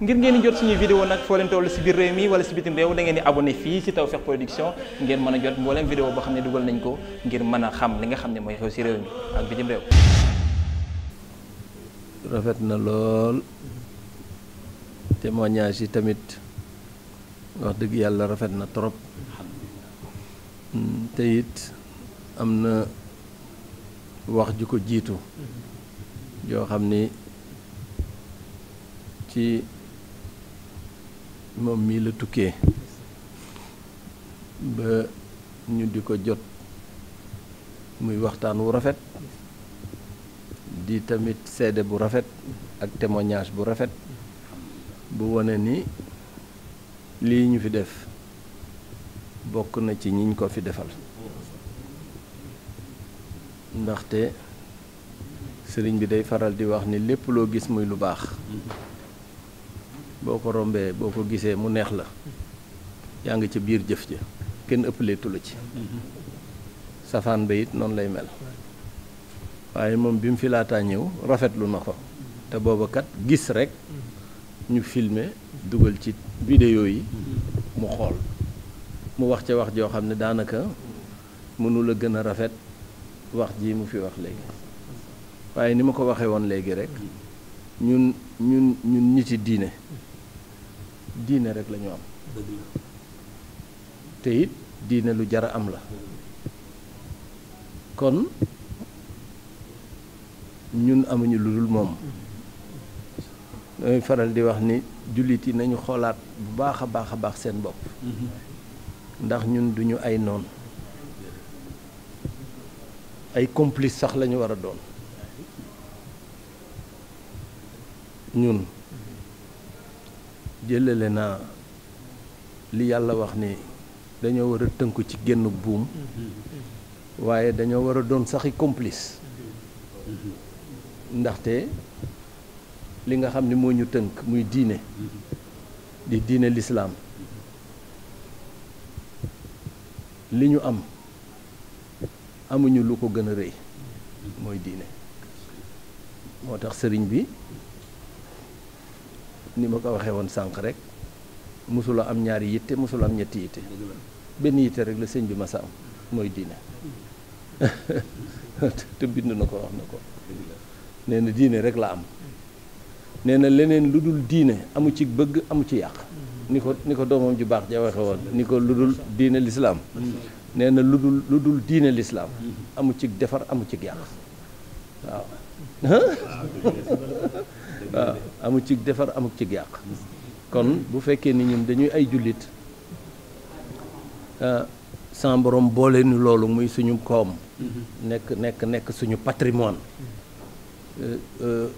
ngir ngeen di jot suñuy vidéo nag foo leen toll si biir réew mi wala si bitim réew da ngeen di abonné fii si Tawfekh Production ngeen mën a jot mbooleem vidéo boo xam ne dugal nañ ko ngir mën a xam li nga xam ne mooy xew si réew mi ak bitim réew rafet na lool témoignage yi tamit wax dëgg yàlla rafet na trop hmm, te am na wax ju ko jiitu joo mm-hmm. xam ni ci moom mii la tukkee ba ñu di ko jot muy waxtaan wu rafet di tamit seede bu rafet ak témoignage bu rafet bu wane ni lii ñu fi def bokk na ci ñiñ ko fi defal ndaxte sëriñ bi day faral di wax ni lépp loo gis muy lu baax boo ko rombee boo ko gisee mu neex la yaa ngi ca biir jëf ja kenn ëppaleetu la ci safaan ba it noonu lay mel waaye moom bi mu fi laataa ñëw rafetlu na ko te booba kat gis rekk ñu filme dugal ci vidéo yi mu xool mu wax ca wax joo xam ne daanaka mënula gën a rafet wax ji mu fi wax léegi waaye ni ma ko waxee woon léegi rek ñun ñun ñun ñiti diine diine rek la am te it diine lu jara am la kon ñun amuñu lu dul moom damay faral di wax ni jullit yi nañu xoolaat bu baax a baax a baax seen bopp mm-hmm. ndax ñun duñu ay noon ay complice sax lañu war a doon ñun jëlale naa li yàlla wax ni dañoo war a tënku ci génn buum waaye dañoo war a doon saxi complice ndaxte li nga xam ni moo ñu tënk muy diine di diine lislaam li ñu am amuñu lu ko gën a rëy mooy diine moo tax sëriñ bi ni ma ko waxee woon sànq rek mosula am ñaari yitte mosula am ñetti yitte benn yitte rek la sëñ bi masa am mooy diine te bind na ko wax na ko nee na diine rek la am nee na leneen lu dul diine amu ci bëgg amu ci yàq ni ko ni ko doomam ju baax ja waxe woon ni ko lu dul diine lislaam nee na lu dul lu dul diine lislaam amu ci defar amu ci yàq waaw ah, waaw ah, amu cig defar amu ci yàq kon bu fekkee ni ñun dañuy ay jullit ah, sans borom boole nu loolu muy suñu koom nekk nekk nekk suñu patrimoine eh, eh,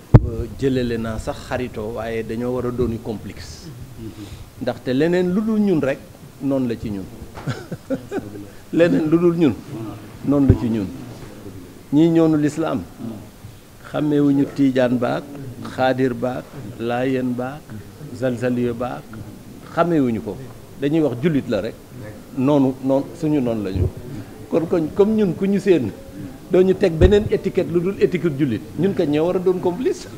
jëlale naa sax xaritoo waaye dañoo war a dooni complexe ndaxte leneen lu dul ñun rek noonu la ci ñun leneen dul ñun noonu ci ñun ñoonu lislaam xàmmewuñu tiijaan baag xaadir baak laayeen baak zalzaliyo baak xamewuñu ko dañuy wax jullit la rek noonu noonu suñu noonu lañu kon koñ comme ñun ku ñu seen doo ñu teg beneen étiquette lu dul étiquette jullit ñun kat ñoo war a doon complice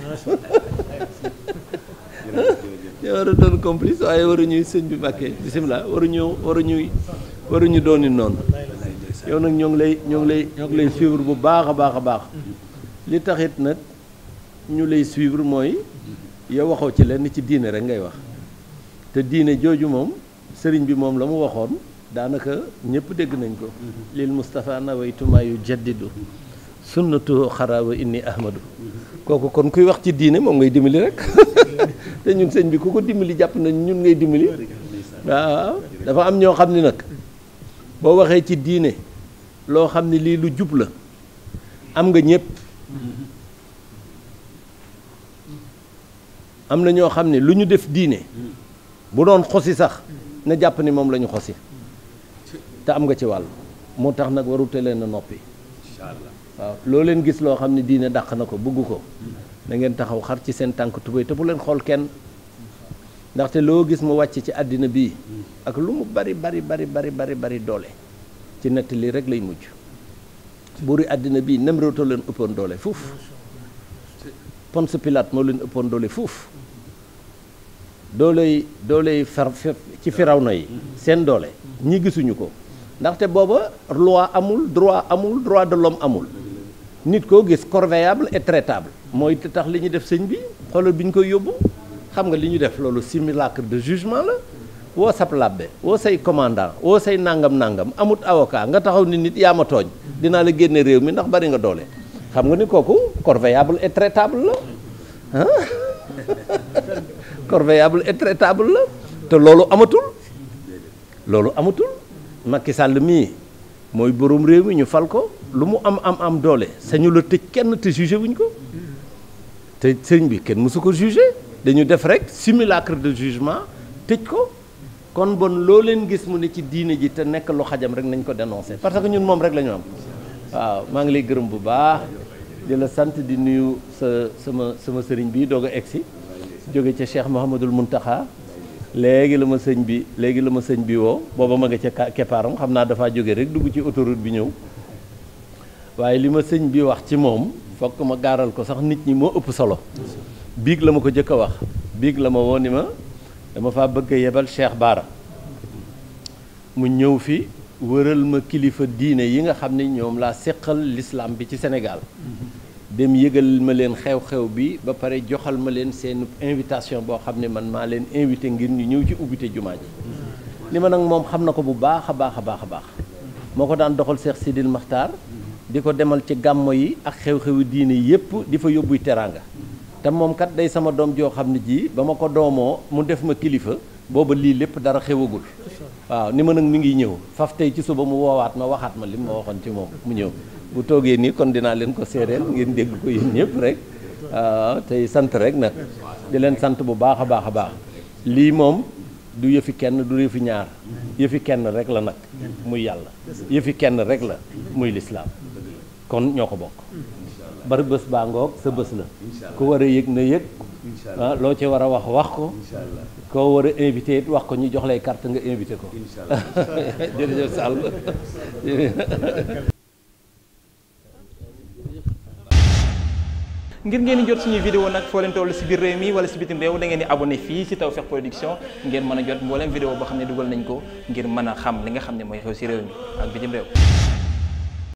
ñoo war a doon complice waaye waruñuy sëñ bi Mbàkke bisimilah waruñu waruñuy waruñu dooni noonu yow nag ñoo ngi lay ñoo ngi lay ñoo ngi suivre bu baax a baax a baax li taxit nag ñu lay suivre mooy yow waxoo ci lenn ci diine rek ngay wax te diine jooju moom sëriñ bi moom la mu waxoon daanaka ñëpp dégg nañ ko lil Mustafa nawaytuma yu jaddidu sunnatu xarawa indi ahmadu kooku kon kuy wax ci diine moom ngay dimbali rek te ñun sëñ bi ku ko dimbali jàpp nañ ñun ngay dimbali waaw dafa am ñoo xam ne nag boo waxee ci diine loo xam ne lii lu jub la am nga ñëpp am na ñoo xam ne lu ñu def diine bu doon xosi sax na jàpp ni moom lañu xosi te am nga ci wàll moo tax nag warute leen a noppi waaw loo leen gis loo xam ne diine dàq na ko bëgg ko mm. na ngeen taxaw xar ci seen tànk tubéy te bu leen xool kenn ndaxte loo gis mu wàcc ci àddina bi mm. ak lu mu bari bari bari bari bari bari doole ci nett lii rek lay mujj buuri àddina bii nem réew leen ëppoon doole fuuf Ponce Pilate moo leen ëppoon doole fuuf dooley dooley fer ci firaw na yi seen doole ñi gisuñu ko ndaxte booba loi amul droit amul droit de l'homme amul nit koo gis corvéable et traitable mooy tax li ñu def sëñ bi xoolal bi ñu koy yóbbu xam nga li ñu def loolu simulacre de jugement la woo sab labbe woo say commandant woo say nangam nangam amut avocat nga taxaw ni nit yaa ma tooñ dinaa la génne réew mi ndax bari nga doole xam nga ni kooku corvéable et traitable la ah corvéable et traitable la te loolu amatul loolu amatul makki Sall mii mooy borom réew mi ñu fal ko lu mu am am am doole sañu la tëj kenn te jugé wuñ ko te sëñ bi kenn mësu ko jugé dañu def rek simulacre de jugement tëj ko kon bon loo leen gis mu ne ci diine ji te nekk lu xajam rek nañ ko dénoncé parce que ñun moom rek la am waaw maa ngi lay gërëm bu baax li la sant di nuyu sa sama sama sëriñ bi doog a egsi jóge ca Cheikh Mouhamadul Muntaxa léegi la ma sëñ bi léegi la ma sëñ bi woo booba ma nga ca keppaaram xam naa dafaa jóge rek dugg ci autoroute bi ñëw waaye li ma sëñ bi wax ci moom fokk ma gaaral ko sax nit ñi moo ëpp solo biig la ma ko jëkk a wax biig la ma woo ni ma dama faa bëgg yebal Cheikh Baara mu ñëw fi wëral ma kilifa diine yi nga xam ne ñoom laa séqal lislaam bi ci Sénégal dem yëgal ma leen xew-xew bi ba pare joxal ma leen seen invitation boo xam ne man maa leen invité ngir ñu ñëw ci ubbite jumaa ji li ma nag moom xam na ko bu baax a baax a baax a baax moo ko daan doxal Seex Sidil Maxtaar di ko demal ci gàmmo yi ak xew-xewi diine yépp di fa yóbbuy teraanga te moom kat day sama doom joo xam ne jii ba ma ko doomoo mu def ma kilifa booba lii lépp dara xewagul waaw ni ma nag mi ngi ñëw faf tey ci suba mu woowaat ma waxaat ma li ma waxoon ci moom mu ñëw bu toogee nii kon dinaa leen ko séeréel ngeen dégg ko yéen ñëpp rek ah, tey sant rek nag di leen sant bu baax a baax a baax lii moom du yëfi kenn du yëfi ñaar yëfi kenn rek la nag muy yàlla yëfi kenn rek la muy lislaam kon ñoo ko bokk bari bés baa ngoog sa bés la ku war a yëg na yëg ah loo ci war a wax wax ko koo war a invité wax ko ñu jox lay carte nga invité ko jërëjëf Sall ngir ngeen di jot suñuy vidéo nag foo leen toll si biir réew mi wala si bitim réew da ngeen di abonné fii si Tawfekh Production ngeen mën a jot mbooleem vidéo boo xam ne dugal nañ ko ngir mën a xam li nga xam ne mooy xew si réew mi ak bitim réew